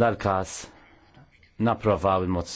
Dal-kas, naprovaw il-mozzjoni.